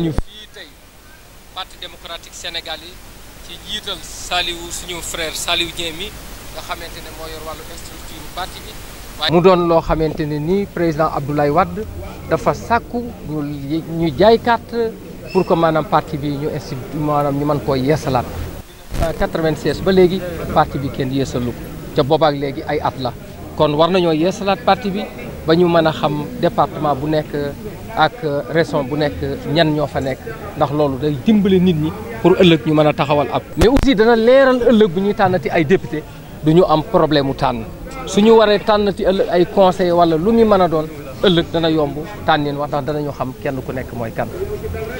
nañu fii tey parti démocratique sénégal yi ci jiital Saliou suñu frère Saliou Dieng mi nga xamante ne moo yor wàllu structure parti bi mu doon loo xamante ne nii président Abdoulaye wadd dafa sàkku ñu ñu jaay pour ko maanaam parti bi ñu institut maanaam ñu mën koo yeesalaat 96 euh, ba léegi parti bi kenn yeesalu ko ca boobaak léegi ay at la kon war nañoo yeesalaat parti bi ba ñu mën a xam département bu nekk ak région bu nekk ñan ñoo fa nekk ndax loolu day dimbale nit ñi pour ëllëg ñu mën a taxawal ab. mais aussi dana leeral ëllëg bu ñuy tànnati ay député du ñu am problème mu tànn su ñu waree tànnati ëllëg ay conseil wala lu ñu mën a doon ëllëg dana yomb tànnin wax ndax danañu xam kenn ku nekk mooy kan.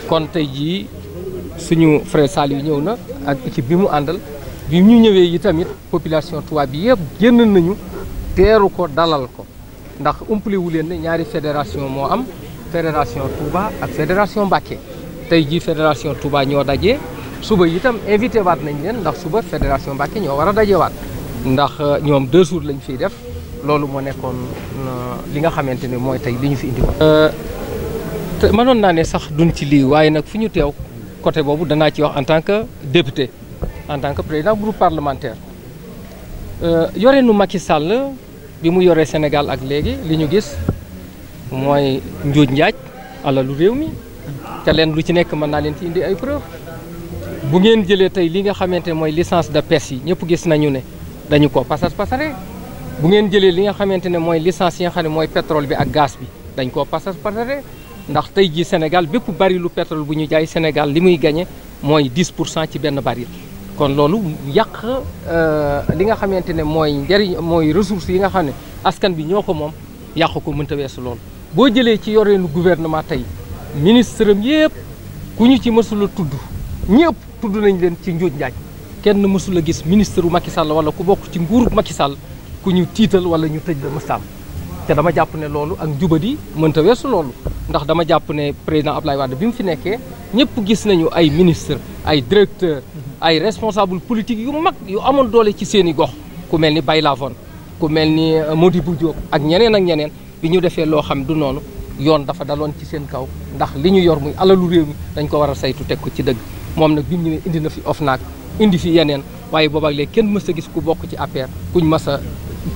kon tey jii suñu frère Saliou ñëw na ak équipe bi mu àndal bi ñu ñëwee yi tamit population Touba bi yëpp génn nañu teeru ko dalal ko. ndax umpaliwu leen ne ñaari fédération moo am fédération Touba ak fédération Mbacké tey jii fédération Touba ñoo daje suba yitam invité waat nañ leen ndax suba fédération Mbacké ñoo war a daje waat ndax euh, ñoom deux jours lañ fiy def loolu moo nekkoon euh, li nga xamante ne mooy tey li ñu fi indiw woon euh, te mënoon naa ne sax dun ci lii waaye nag fu ñu teew côté boobu danaa ci wax en tant que député en tant que président groupe parlementaire yorenu Macky Sall bi mu yoree Sénégal ak léegi li ñu gis mooy njuuj njaaj alalu réew mi te leen lu ci nekk mën naa leen ti indi ay preuve bu ngeen jëlee tey li nga xamante mooy licence de pêche yi ñëpp gis nañu ne dañu ko pasas pasare bu ngeen jëlee li nga xamante ne mooy licence yi nga xam ne mooy pétrole bi ak gaz bi dañ koo pasas pasare ndax tey jii Sénégal bépp barilu pétrole bu ñu jaay Sénégal li muy gañe mooy 10 pour cent ci benn baril kon loolu yàq euh, li nga xamante ne mooy njëriñ mooy ressources yi nga xam ne askan bi ñoo ko moom yàq ko mënta weesu loolu boo jëlee ci yoreenu gouvernement tey ministre am yëpp ku ñu ci mësul a tudd ñëpp tudd nañ leen ci njuuj njaaj kenn mësul a gis ministre u Macky Sall wala ku bokk ci nguurub Macky Sall ku ñu tiital wala ñu tëj la mëstaam te dama jàpp ne loolu ak njubadi mënta weesu loolu ndax dama jàpp ne président Ablaye Wade bi mu fi nekkee ñëpp gis nañu ay ministre ay directeur ay responsable politique yu mag yu amoon doole ci seen igox gox ku mel ni Baye Lavone ku mel ni euh, Modibou Diop ak ñeneen ak ñeneen bi ñu defee loo xam du noonu yoon dafa daloon ci seen kaw ndax li ñu yor muy alalu réew dañ ko war a saytu teg ko ci dëgg moom nag bi mu ñëwee indi na fi OFNAC indi fi yeneen waaye boobaag léegi kenn mës a gis ku bokk ci affaire kuñ mas a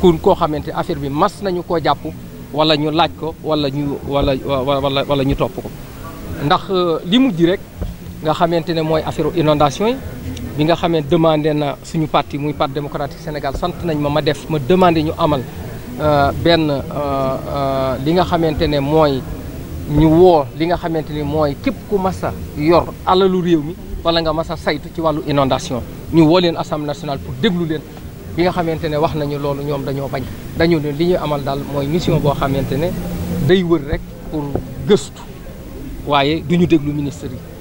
kun koo xamante affaire bi mas nañu koo jàpp wala ñu laaj ko wala ñu wala wala wala ñu topp ko ndax euh, li mujj rek nga xamante ne mooy affaire inondation yi bi nga xamee demandé na suñu partie muy parti démocratique Sénégal sant nañ ma ma def ma demandé ñu amal euh, benn euh, euh, li nga xamante ne mooy ñu woo li nga xamante ni mooy képp ku masa yor alalu réew mi wala nga masa saytu ci wàllu inondation ñu woo leen assemblée nationale pour déglu leen bi nga xamante ne wax nañu loolu ñoom dañoo bañ dañu ne li ñu amal daal mooy mission boo xamante ne day wër rek pour gëstu waaye duñu déglu ministre yi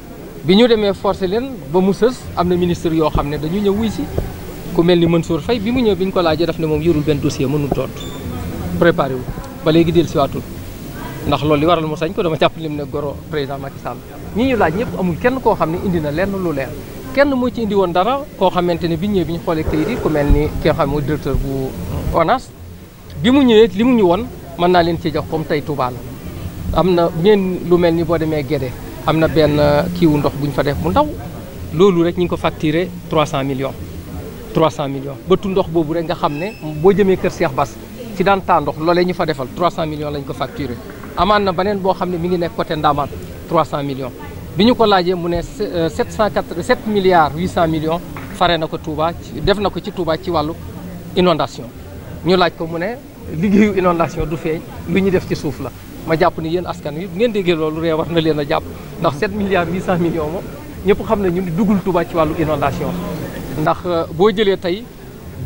bi ñu demee forcé leen ba mu sës am na ministre yoo xam ne dañu ñëw wuy si ku mel ni Mansour Faye bi mu ñëw bi ñu ko laajee daf ne moom yorul benn dossier mënul tontu préparé wu ba léegi dellu si waatul ndax loolu li waral mu sañ ko dama jàpp lim ne goro président Macky Sall ñi ñu laaj ñëpp amul kenn koo xam ne indi na lenn lu leer kenn moo ci indi woon dara koo xamante ne bi ñëwee bi ñu xoolee kayit yi ku ni ki nga xam mooy directeur bu ONAS bi mu ñëwee li mu ñu woon mën naa leen ci jox comme tey Touba am na ñeen lu mel ni boo demee Guédé am na benn euh, kiiwu ndox bu ñu fa def bu ndaw loolu rek ñu ngi ko facturé 300 millions 300 millions bëtu ndox boobu rek nga xam ne boo jëmee kër Cheikh Bass fi daan taa ndox loole ñu fa defal 300 millions lañ ko facturé amaan na beneen boo xam ne mi ngi nekk côté Ndamaat 300 millions bi ñu ko laajee mu ne 780 7 euh, milliards 800 millions fare na ko Touba def na ko ci Touba ci wàllu inondation ñu laaj ko mu ne liggéeyu inondation du feeñ lu ñu def ci suuf la ma jàpp ni yéen askan wi bu ngeen déggee loolu ree war na leen a jàpp ndax 7 milliards 800 millions moom ñëpp xam ne ñu ni dugul Touba ci wàllu inondation ndax euh, boo jëlee tey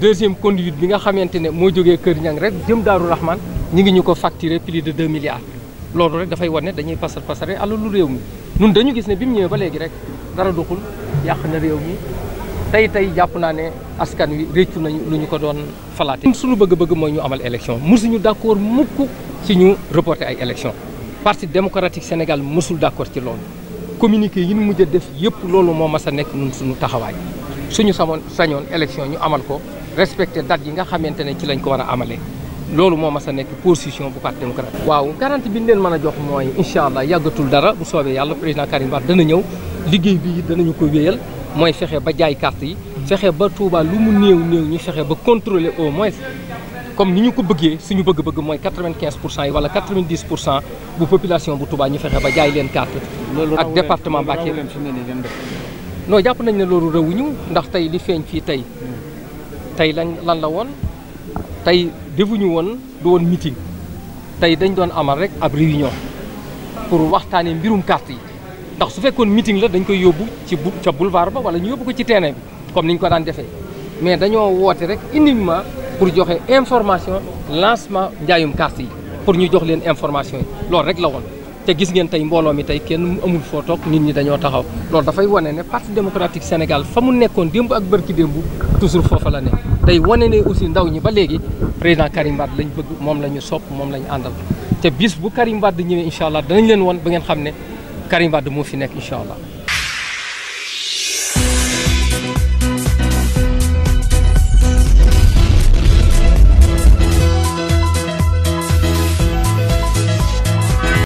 deuxième conduite bi nga xamante ne moo jógee Kër Ñang rek jëm Daaru Rahman ñi ngi ñu ko facturé plus de 2 milliards loolu rek dafay wane dañuy pasar pasare lu réew mi nun dañu gis ne bi mu ñëwee ba léegi rek dara doxul yàq na réew mi tey tey jàpp naa ne askan wi réccu nañu lu ñu ko doon falaate suñu bëgg-bëgg mooy ñu amal élection mosuñu d'accord mukk ci ñu reporté ay élections parti démocratique Sénégal mësul d'accord ci loolu communiqué yi ñu mujj a def yëpp loolu moo mas a nekk ñun suñu taxawaay suñu samoon sañoon élection ñu amal ko respecté date yi nga xamante ne ci lañ ko war a amalee loolu moo mas a nekk position bu parti démocratique. waaw garantie bi ñu leen mën a jox mooy incha allah yàggatul dara bu soobee yàlla président Karim Wade dana ñëw liggéey bi danañu ko wéyal mooy fexe ba jaay carte yi. fexe ba Touba lu mu néew néew ñu fexe ba contrôler au moins comme ni ñu ko bëggee suñu bëgg-bëgg mooy quatre-vingt-quinze pour cent yi wala quatre-vingt-dix pour cent bu population bu Touba ñu fexe ba jaay leen carte ak département Mbacké non jàpp nañ ne loolu rëwuñu ndax tey li feeñ fii tey tey lañ lan la woon tey defuñu woon du woon meeting tey dañ doon amal rek ab réunion pour waxtaanee mbirum carte yi ndax su fekkoon mitin la dañ koy yóbbu ci ca boulevard ba wala ñu yóbbu ko ci terrain bi comme ni ñu ko daan defee mais dañoo woote rek uniquement pour joxe information lancement njaayum carte yi pour ñu jox leen information yi loolu rek la woon te gis ngeen tey mbooloo mi tey kenn amul foo toog nit ñi dañoo taxaw loolu dafay wane ne parti démocratique Sénégal fa mu nekkoon démb ak bërki démb toujours foofa la ne day wane ne aussi ndaw ñi ba léegi président Karim Wade lañ bëgg moom la ñu sopp moom la àndal te bis bu Karim Wade ñëwee incha allah danañ leen woon ba ngeen xam ne Karim moo fi nekk incha allah